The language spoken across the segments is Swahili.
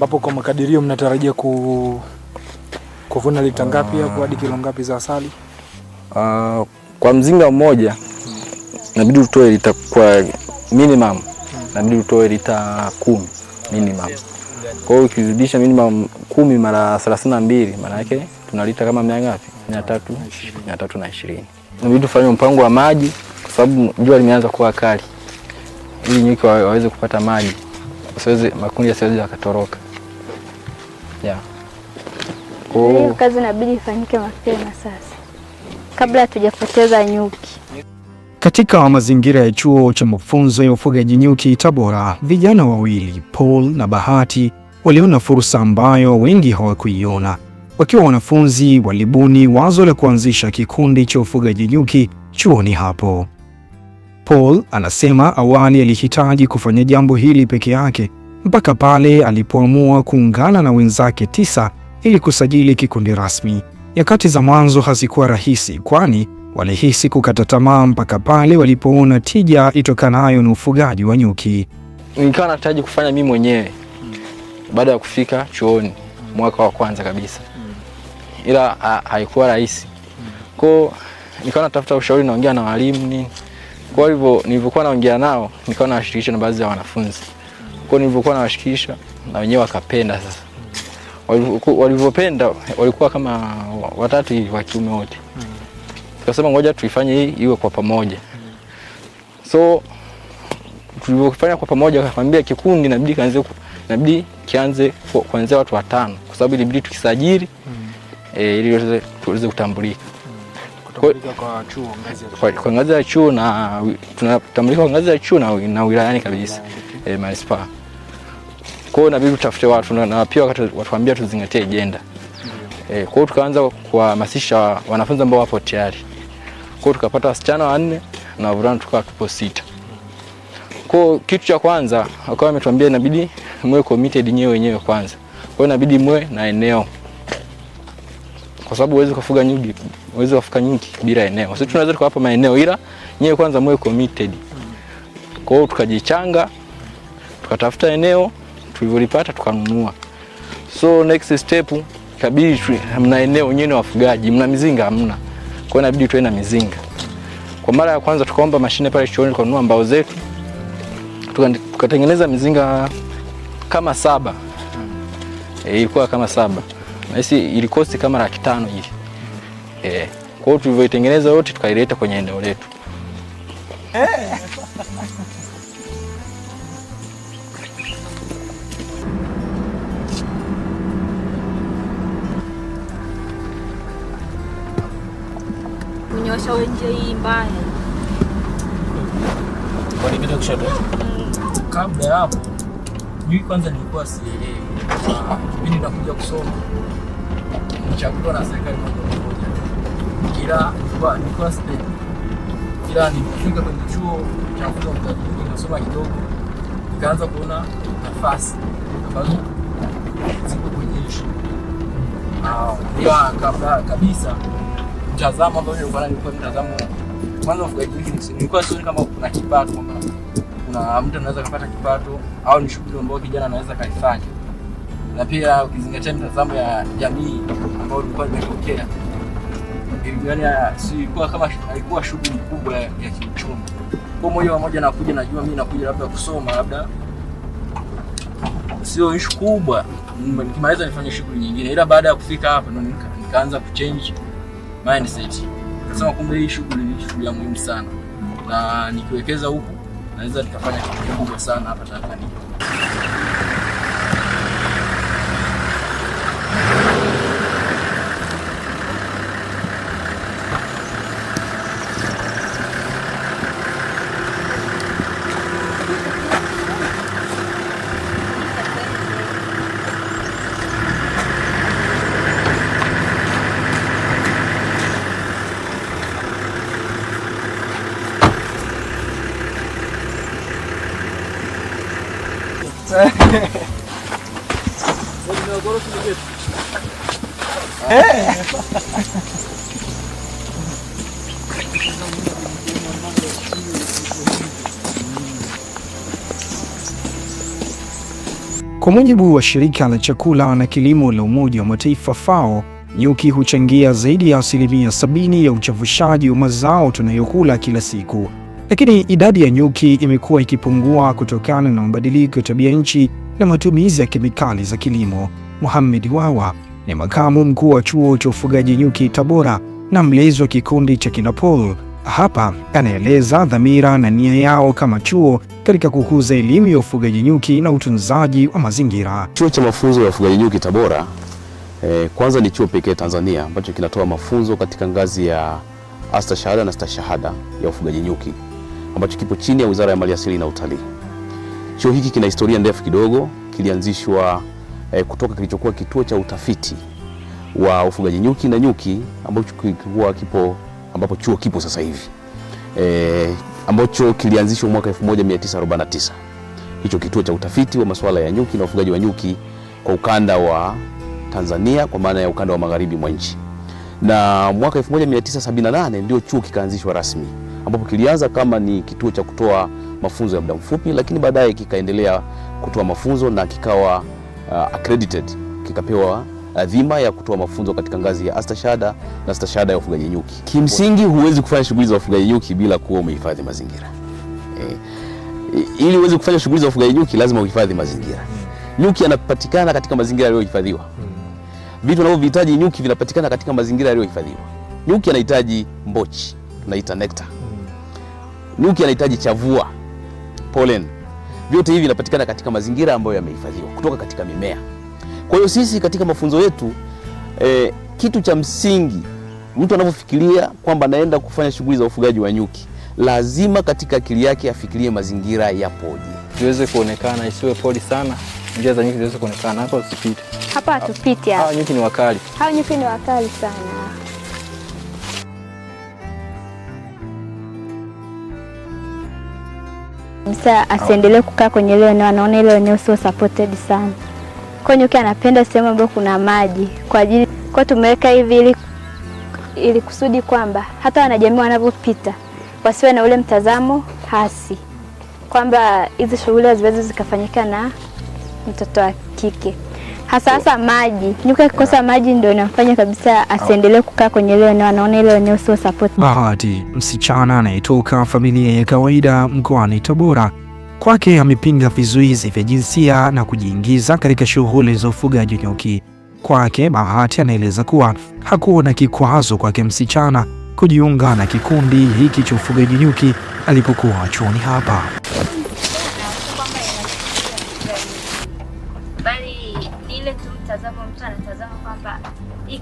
ambapo kwa makadirio mnatarajia ku, kuvuna lita ngapi hapo hadi kilo ngapi za asali? Uh, kwa mzinga mmoja hmm. Nabidi utoe lita kwa minimum hmm. Nabidi utoe lita kumi minimum. Kwa hiyo ukizidisha minimum kumi mara thelathini na mbili maana yake tuna lita kama mia ngapi? mia tatu mia tatu na ishirini. Nabidi tufanye mpango wa maji kwa sababu jua limeanza kuwa kali ili nyuki waweze kupata maji, makundi yasiweze yakatoroka. Yeah. Oh. Hiyo kazi inabidi ifanyike mapema sasa kabla hatujapoteza nyuki. Katika mazingira ya chuo cha mafunzo ya ufugaji nyuki Tabora, vijana wawili Paul na Bahati waliona fursa ambayo wengi hawakuiona. Wakiwa wanafunzi, walibuni wazo la kuanzisha kikundi cha ufugaji nyuki chuoni hapo. Paul anasema awali alihitaji kufanya jambo hili peke yake, mpaka pale alipoamua kuungana na wenzake tisa ili kusajili kikundi rasmi. Nyakati za mwanzo hazikuwa rahisi, kwani walihisi kukata tamaa mpaka pale walipoona tija itokanayo na ufugaji wa nyuki. Nikawa nahitaji kufanya mimi mwenyewe baada ya kufika chuoni mwaka wa kwanza kabisa, ila haikuwa rahisi kwao. Nikawa natafuta ushauri, naongea na walimu nini. Kwa hivyo nilivyokuwa naongea nao, nikawa nawashirikisha na baadhi ya wanafunzi. Kwa nilivyokuwa nawashikisha na wenyewe wakapenda. Sasa walivyopenda walikuwa kama watatu hivi wa kiume wote, tukasema ngoja tuifanye hii iwe kwa pamoja. So tulivyofanya kwa pamoja, wakakwambia kikundi inabidi kianze inabidi kianze kuanzia watu watano, kwa sababu ilibidi tukisajili e, ili tuweze kutambulika mm. kwa ngazi ya chuo na tunatambulika kwa ngazi ya chuo na wilayani kabisa e, manispaa kwa hiyo inabidi tutafute watu na, na pia watuambia tuzingatie ajenda. e, eh, kwa hiyo tukaanza kuhamasisha wanafunzi ambao wapo tayari. Kwa hiyo tukapata wasichana wanne na wavulana tukawa tupo sita. Kwa hiyo kitu cha kwanza akawa ametuambia inabidi mwe committed nyewe wenyewe kwanza. Kwa hiyo inabidi mwe na eneo. Kwa sababu huwezi kufuga nyuki, huwezi kufuga nyuki bila eneo. Sisi tunaweza tukawapa maeneo ila nyewe kwanza mwe committed. Kwa hiyo tukajichanga tukatafuta eneo tulivyolipata tukanunua. So next step kabidi mna eneo wenyewe wafugaji, mna mizinga hamna, kwa hiyo inabidi tuwe na mizinga. Kwa mara ya kwanza tukaomba mashine pale chuoni, tukanunua mbao zetu tukatengeneza mizinga kama saba. E, ilikuwa kama saba nahisi ilikosti kama laki tano hivi. E, kwa hiyo tulivyoitengeneza yote tukaileta kwenye eneo letu. Eh. washawe njia hii mbaya. Mm, kabla ya hapo mimi kwanza nilikuwa sielewi, ah, mimi ninakuja kusoma nichaguliwa na serikali moja moja, ila nilikuwa nilikuwa sipendi, ila nilifika kwenye chuo cha kuwa mtabibu nikasoma kidogo, nikaanza kuona nafasi ambazo ziko kwenye nchi, ah, ila kabla kabisa mtazamo ambao nilikuwa nilikuwa mtazamo mwanzo wa kujifunza, nilikuwa sioni kama kuna kipato, kwamba kuna mtu anaweza kupata kipato au ni shughuli ambayo kijana anaweza kaifanya, na pia ukizingatia mtazamo ya jamii ambayo ilikuwa imetokea ilikuwa kama haikuwa shughuli kubwa ya kiuchumi. Kwa moja kwa moja nakuja, najua mimi nakuja labda kusoma, labda sio ishu kubwa, nikimaliza nifanye shughuli nyingine, ila baada ya kufika hapa ndo nikaanza kuchange mindset. Nasema kumbe hii shughuli ni shughuli ya muhimu sana, na nikiwekeza huku naweza nikafanya kitu kikubwa sana hapa Tanzania. Kwa mujibu wa shirika la chakula na kilimo la Umoja wa Mataifa FAO, nyuki huchangia zaidi ya asilimia sabini ya uchafushaji wa mazao tunayokula kila siku. Lakini idadi ya nyuki imekuwa ikipungua kutokana na mabadiliko ya tabia nchi na matumizi ya kemikali za kilimo. Muhammad Wawa ni makamu mkuu wa chuo cha ufugaji nyuki Tabora na mlezi wa kikundi cha Kinapol. Hapa anaeleza dhamira na nia yao kama chuo katika kukuza elimu ya ufugaji nyuki na utunzaji wa mazingira. Chuo cha mafunzo ya ufugaji nyuki Tabora eh, kwanza ni chuo pekee Tanzania ambacho kinatoa mafunzo katika ngazi ya astashahada na stashahada ya ufugaji nyuki ambacho kipo chini ya Wizara ya Maliasili na Utalii. Chuo hiki kina historia ndefu kidogo, kilianzishwa eh, kutoka kilichokuwa kituo cha utafiti wa ufugaji nyuki na nyuki ambacho kilikuwa kipo ambapo chuo kipo sasa hivi eh, ambacho kilianzishwa mwaka 1949. Hicho kituo cha utafiti wa masuala ya nyuki na ufugaji wa nyuki kwa ukanda wa Tanzania kwa maana ya ukanda wa magharibi mwa nchi. Na mwaka 1978 ndio chuo kikaanzishwa rasmi ambapo kilianza kama ni kituo cha kutoa mafunzo ya muda mfupi, lakini baadaye kikaendelea kutoa mafunzo na kikawa uh, accredited kikapewa uh, dhima ya kutoa mafunzo katika ngazi ya astashada na stashada ya ufugaji nyuki. Kimsingi huwezi kufanya shughuli za ufugaji nyuki bila kuwa umehifadhi mazingira. E, ili uweze kufanya shughuli za ufugaji nyuki lazima uhifadhi mazingira. Nyuki anapatikana katika mazingira yaliyohifadhiwa. Vitu anavyohitaji nyuki vinapatikana katika mazingira yaliyohifadhiwa. Nyuki anahitaji mbochi, tunaita nectar. Nyuki anahitaji chavua, pollen Vyote hivi vinapatikana katika mazingira ambayo yamehifadhiwa kutoka katika mimea. Kwa hiyo sisi katika mafunzo yetu eh, kitu cha msingi mtu anapofikiria kwamba anaenda kufanya shughuli za ufugaji wa nyuki, lazima katika akili yake afikirie mazingira yapoje, iweze kuonekana, isiwe poli sana, njia za nyuki ziweze kuonekana. Hapa usipite, hapa hatupiti, hao nyuki ni wakali, hao nyuki ni wakali sana. Sasa asiendelee kukaa kwenye ile eneo, anaona ile eneo sio supported sana. Kwa nyuki anapenda sehemu ambayo kuna maji kwa ajili kwa tumeweka hivi ili ili kusudi kwamba hata wanajamii wanavyopita wasiwe na ule mtazamo hasi kwamba hizi shughuli haziwezi zikafanyika na mtoto wa kike hasa hasa maji. Nyuka akikosa maji ndio inafanya kabisa asiendelee kukaa kwenye ile eneo, anaona ile eneo sio support. Bahati, msichana anayetoka familia ya kawaida mkoani Tabora, kwake amepinga vizuizi vya jinsia na kujiingiza katika shughuli za ufugaji nyuki. Kwake Bahati anaeleza kuwa hakuona kikwazo kwake msichana kujiunga na kikundi hiki cha ufugaji nyuki alipokuwa chuoni hapa.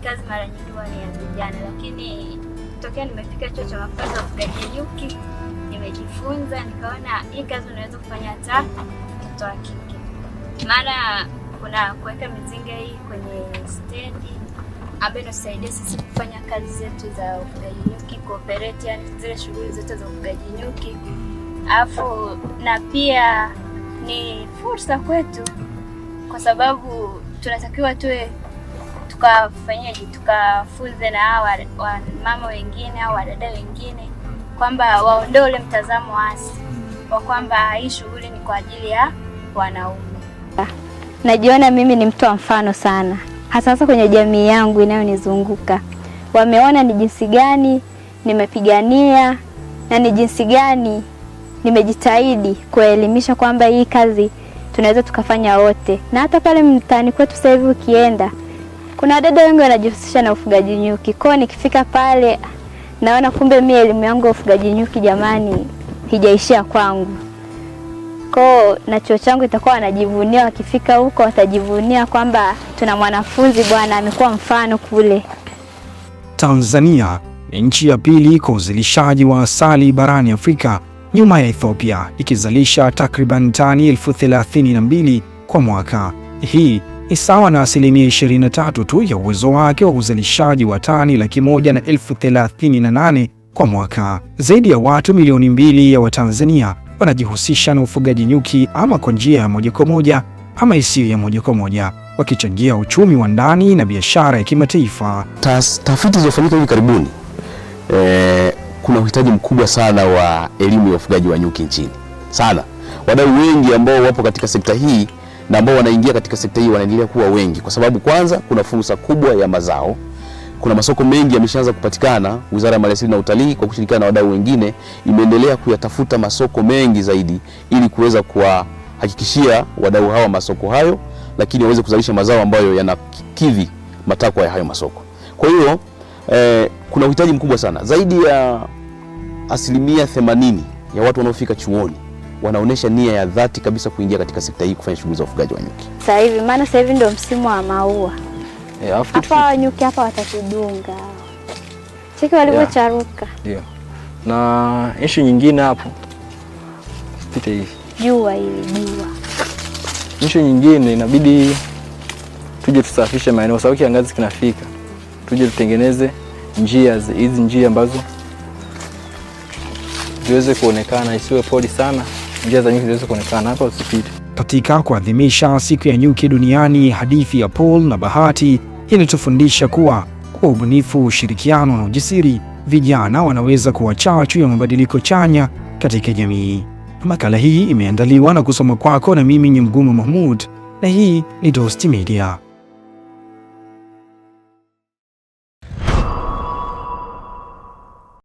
kazi mara nyingi huwa ni ya vijana, lakini tokea nimefika chuo cha mafunzo ya ufugaji nyuki nimejifunza, nikaona hii kazi unaweza kufanya hata mtoto wa kike. Mara kuna kuweka mizinga hii kwenye stendi ambayo inatusaidia sisi kufanya kazi zetu za ufugaji nyuki cooperate, yani zile shughuli zote za ufugaji nyuki, alafu na pia ni fursa kwetu kwa sababu tunatakiwa tuwe tukafanyaje, tukafunze na hawa wamama wengine au wadada wengine kwamba waondoe ule mtazamo hasi kwa mm. kwamba hii shughuli ni kwa ajili ya wanaume. Najiona mimi ni mtu wa mfano sana, hasa hasa kwenye jamii yangu inayonizunguka. Wameona ni jinsi gani nimepigania na ni jinsi gani nimejitahidi kuelimisha kwamba hii kazi tunaweza tukafanya wote, na hata pale mtaani kwetu sasa hivi ukienda kuna wadada wengi wanajihusisha na ufugaji nyuki, kwa nikifika pale naona kumbe mimi elimu yangu ya ufugaji nyuki jamani, hijaishia kwangu. Kwa na chuo changu itakuwa wanajivunia, wakifika huko watajivunia kwamba tuna mwanafunzi bwana amekuwa mfano kule. Tanzania ni nchi ya pili kwa uzalishaji wa asali barani Afrika nyuma ya Ethiopia ikizalisha takriban tani elfu thelathini na mbili kwa mwaka. Hii ni sawa na asilimia 23 tu ya uwezo wake wa uzalishaji wa tani laki moja na elfu thelathini na nane kwa mwaka. Zaidi ya watu milioni mbili ya Watanzania wanajihusisha na ufugaji nyuki ama kwa njia ya moja kwa moja ama isiyo ya moja kwa moja, wakichangia uchumi wa ndani na biashara ya kimataifa. Tafiti zilizofanyika hivi karibuni e, kuna uhitaji mkubwa sana wa elimu ya ufugaji wa nyuki nchini sana. Wadau wengi ambao wapo katika sekta hii na ambao wanaingia katika sekta hii wanaendelea kuwa wengi, kwa sababu kwanza kuna fursa kubwa ya mazao, kuna masoko mengi yameshaanza kupatikana. Wizara ya Maliasili na Utalii kwa kushirikiana na wadau wengine imeendelea kuyatafuta masoko mengi zaidi ili kuweza kuwahakikishia wadau hawa masoko hayo, lakini waweze kuzalisha mazao ambayo yanakidhi matakwa ya hayo masoko. Kwa hiyo eh, kuna uhitaji mkubwa sana zaidi ya asilimia themanini ya watu wanaofika chuoni wanaonesha nia ya dhati kabisa kuingia katika sekta hii kufanya shughuli za ufugaji wa nyuki. Sasa hivi maana sasa hivi ndio msimu wa maua. Eh, yeah, hapa nyuki hapa watatudunga. Cheki walivyocharuka. Yeah. Ndio. Yeah. Na issue nyingine hapo. Pita hii Jua hili jua. Issue nyingine inabidi tuje tusafishe maeneo sababu kiangazi kinafika. Tuje tutengeneze njia hizi njia ambazo ziweze kuonekana isiwe poli sana njia za nyuki ziweze kuonekana hapa usipite. Katika kuadhimisha siku ya nyuki duniani, hadithi ya Paul na Bahati inatufundisha kuwa kwa ubunifu, ushirikiano na ujasiri, vijana wanaweza kuwa chachu ya mabadiliko chanya katika jamii. Makala hii imeandaliwa na kusoma kwako na mimi ni mgumu Mahmud, na hii ni Dost Media.